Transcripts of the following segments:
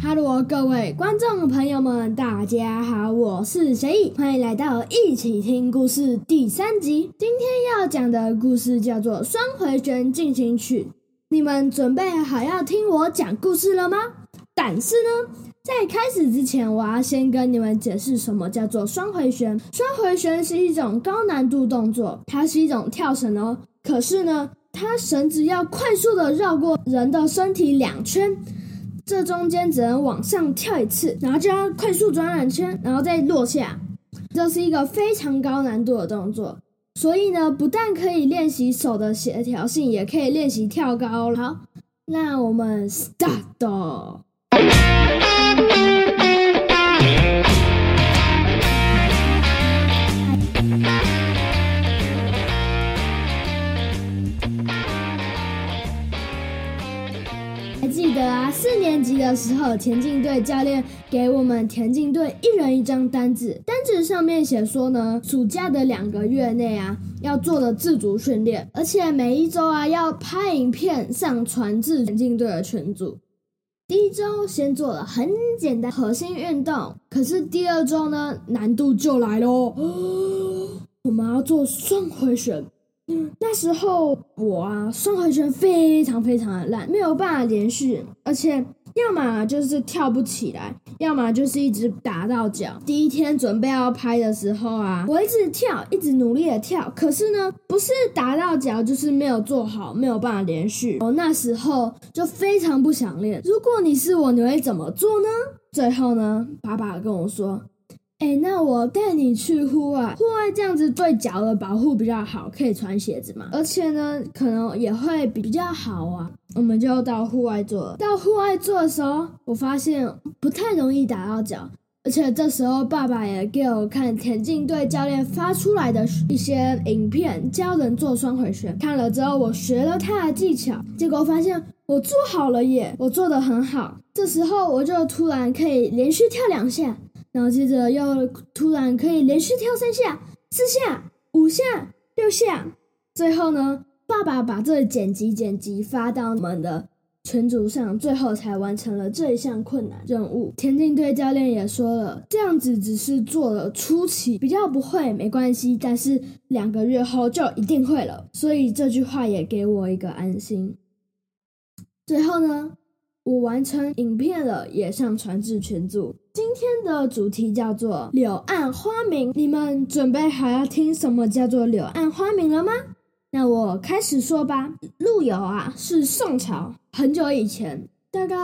哈嘍，各位觀眾朋友們，大家好，我是小易，歡迎來到一起聽故事第三集。今天要講的故事叫做《雙迴旋進行曲》，你們準備好要聽我講故事了嗎？但是呢，在開始之前，我要先跟你們解釋什麼叫做雙迴旋。雙迴旋是一種高難度動作，它是一種跳繩哦。可是呢，它繩子要快速地繞過人的身體兩圈。這中間只能往上跳一次，然後就要快速轉兩圈，然後再落下。這是一個非常高難度的動作，所以呢，不但可以練習手的協調性，也可以練習跳高了。好，那我們 start 哦。 的時候，田徑隊教練給我們田徑隊一人一張單子，單子上面寫說呢，暑假的兩個月內啊，要做的自主訓練，而且每一周啊要拍影片上傳至田徑隊的群組。第一周先做了很簡單核心運動，可是第二周呢，難度就來咯、啊，我們要做雙迴旋、嗯。那時候我啊，雙迴旋非常非常的爛，沒有辦法連續，而且。要麼就是跳不起來，要麼就是一直打到腳。第一天準備要拍的時候啊，我一直跳，一直努力的跳，可是呢，不是打到腳，就是沒有做好，沒有辦法連續。我那時候就非常不想練。如果你是我，你會怎麼做呢？最後呢，爸爸跟我說。哎，那我帶你去戶外。戶外這樣子對腳的保護比較好，可以穿鞋子嘛？而且呢，可能也會比較好啊。我們就到戶外做了。到戶外做的時候，我發現不太容易打到腳，而且這時候爸爸也給我看田徑隊教練發出來的一些影片，教人做雙迴旋。看了之後，我學了他的技巧，結果發現我做好了耶！我做得很好。這時候我就突然可以連續跳兩下。然後接着又突然可以連續跳三下、四下、五下、六下，最後呢，爸爸把這剪輯剪輯發到我們的群組上，最後才完成了這一項困難任務。田徑隊教練也說了，這樣子只是做了初期，比較不會，沒關係，但是兩個月後就一定會了。所以這句話也給我一個安心。最後呢，我完成影片了，也上傳至群組。今天的主題叫做“柳暗花明”，你們準備好要聽什麼叫做“柳暗花明”了嗎？那我開始說吧。陸游啊，是宋朝很久以前。大概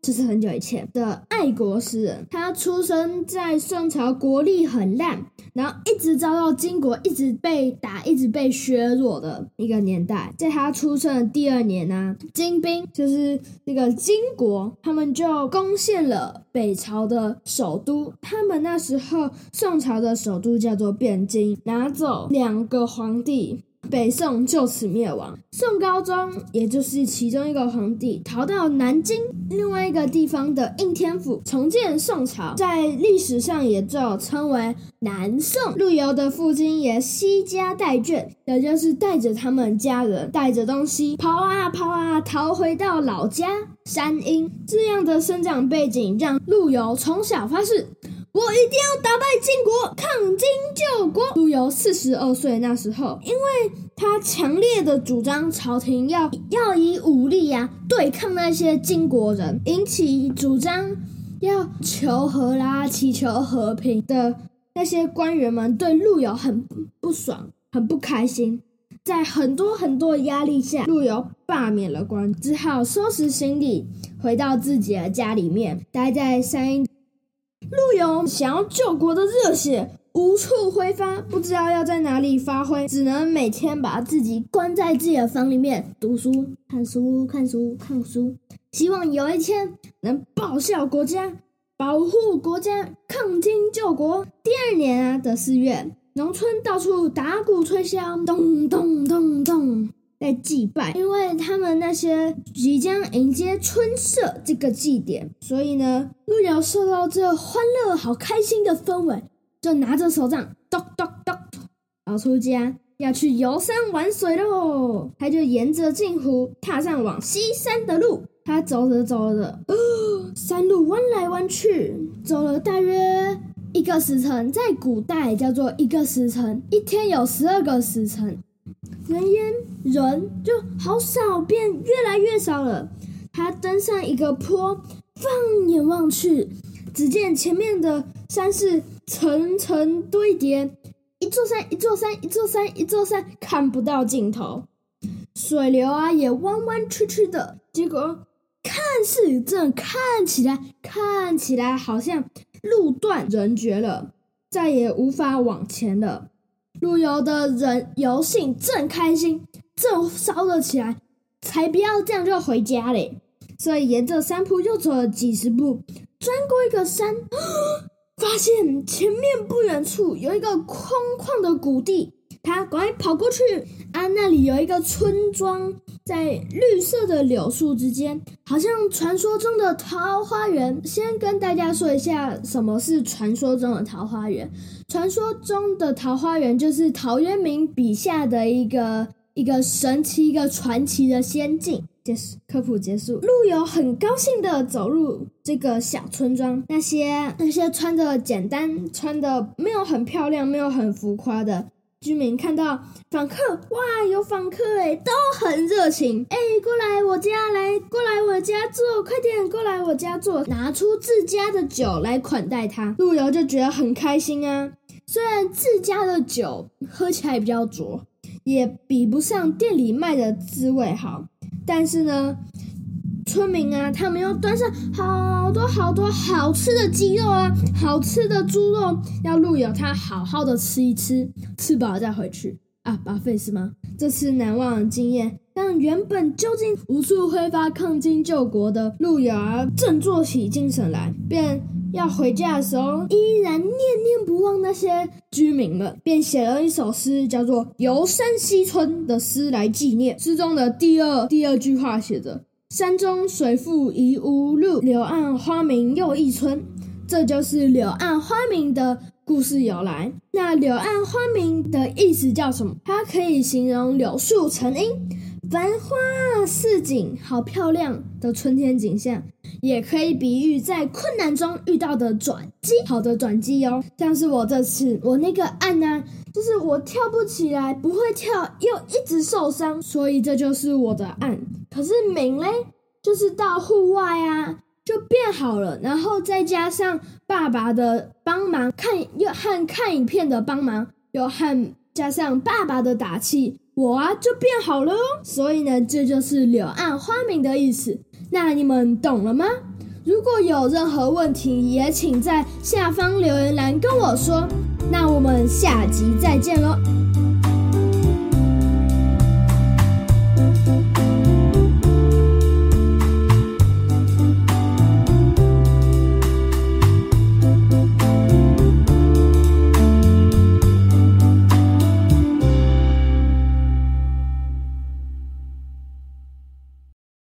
這是很久以前的愛國詩人，他出生在宋朝國力很爛，然後一直遭到金國一直被打，一直被削弱的一個年代。在他出生的第二年呢、啊，金兵就是那個金國，他們就攻陷了北朝的首都。他們那時候宋朝的首都叫做汴京，拿走兩個皇帝。北宋就此滅亡，宋高宗也就是其中一個皇帝逃到南京，另外一個地方的應天府重建宋朝，在歷史上也就稱為南宋。陸游的父親也攜家帶眷，也就是帶着他們家人，帶着東西跑啊跑啊，逃回到老家山陰。這樣的生長背景讓陸游從小發誓，我一定要打敗金國，抗金救國。陸游四十二歲那時候，因為他強烈的主張朝廷要要以武力呀、啊、對抗那些金國人，引起主張要求和啦、祈求和平的那些官員們對陸游很不爽、很不開心。在很多很多壓力下，陸游罷免了官，只好收拾行李回到自己的家裡面，待在山陰。陸游想要救國的熱血。無處揮發，不知道要在哪裡發揮，只能每天把自己關在自己的房裡面讀書、看書、看書、看書，看書。希望有一天能報效國家，保護國家，抗金救國。第二年啊的四月，農村到處打鼓吹簫，咚，咚咚咚咚，在祭拜，因為他們那些即將迎接春社這個祭典，所以呢，陸游受到這歡樂、好開心的氛圍。就拿着手杖，咚咚咚，跑出家要去遊山玩水嘍。他就沿着鏡湖踏上往西山的路。他走着走着，哦，山路彎來彎去，走了大約一個時辰，在古代叫做一個時辰，一天有十二個時辰。人煙人就好少，便越來越少了。他登上一個坡，放眼望去，只見前面的山是。層層堆疊，一座山，一座山，一座山，一座山，看不到盡頭。水流啊，也彎彎曲曲的。結果，看似正看起來，看起來好像路斷人絕了，再也無法往前了。陸游的人遊興正開心，正燒了起來，才不要這樣就回家嘞。所以，沿着山坡又走了幾十步，鑽過一個山哦。發現前面不遠處有一個空曠的谷地，他趕快跑過去。啊，那裡有一個村莊，在綠色的柳樹之間，好像傳說中的桃花源。先跟大家說一下什麼是傳說中的桃花源。傳說中的桃花源就是陶淵明筆下的一個一個神奇、一個傳奇的仙境。結、yes, 束科普結束。陸游很高興的走入這個小村莊，那些那些穿着簡單、穿的沒有很漂亮、沒有很浮誇的居民，看到訪客，哇，有訪客哎，都很熱情哎、欸，過來我家來，過來我家坐，快點過來我家坐，拿出自家的酒來款待他。陸游就覺得很開心啊，雖然自家的酒喝起來比較濁，也比不上店裡賣的滋味好。但是呢，村民啊，他們又端上好多好多好吃的雞肉啊，好吃的豬肉，要陸游他好好的吃一吃，吃飽了再回去啊，不費事嗎？這次難忘的經驗讓原本究竟無處揮發抗金救國的陸游兒振作起精神來，便，要回家的時候，依然念念不忘那些居民們，便寫了一首詩，叫做《遊山西村》的詩來紀念。詩中的第二第二句話寫着：“山重水複疑無路，柳暗花明又一村。”這就是“柳暗花明”的故事由來。那“柳暗花明”的意思叫什麼？它可以形容柳樹成蔭，繁花似錦，好漂亮的春天景象。也可以比喻在困難中遇到的轉機，好的轉機哦。像是我這次，我那個暗呢、啊，就是我跳不起來，不會跳，又一直受傷，所以這就是我的暗。可是明嘞，就是到戶外啊，就變好了。然後再加上爸爸的幫忙，看又和看影片的幫忙，又和加上爸爸的打氣，我啊就變好了哦。所以呢，這就是柳暗花明的意思。那你們懂了嗎？如果有任何問題，也請在下方留言欄跟我說。那我們下集再見嘍。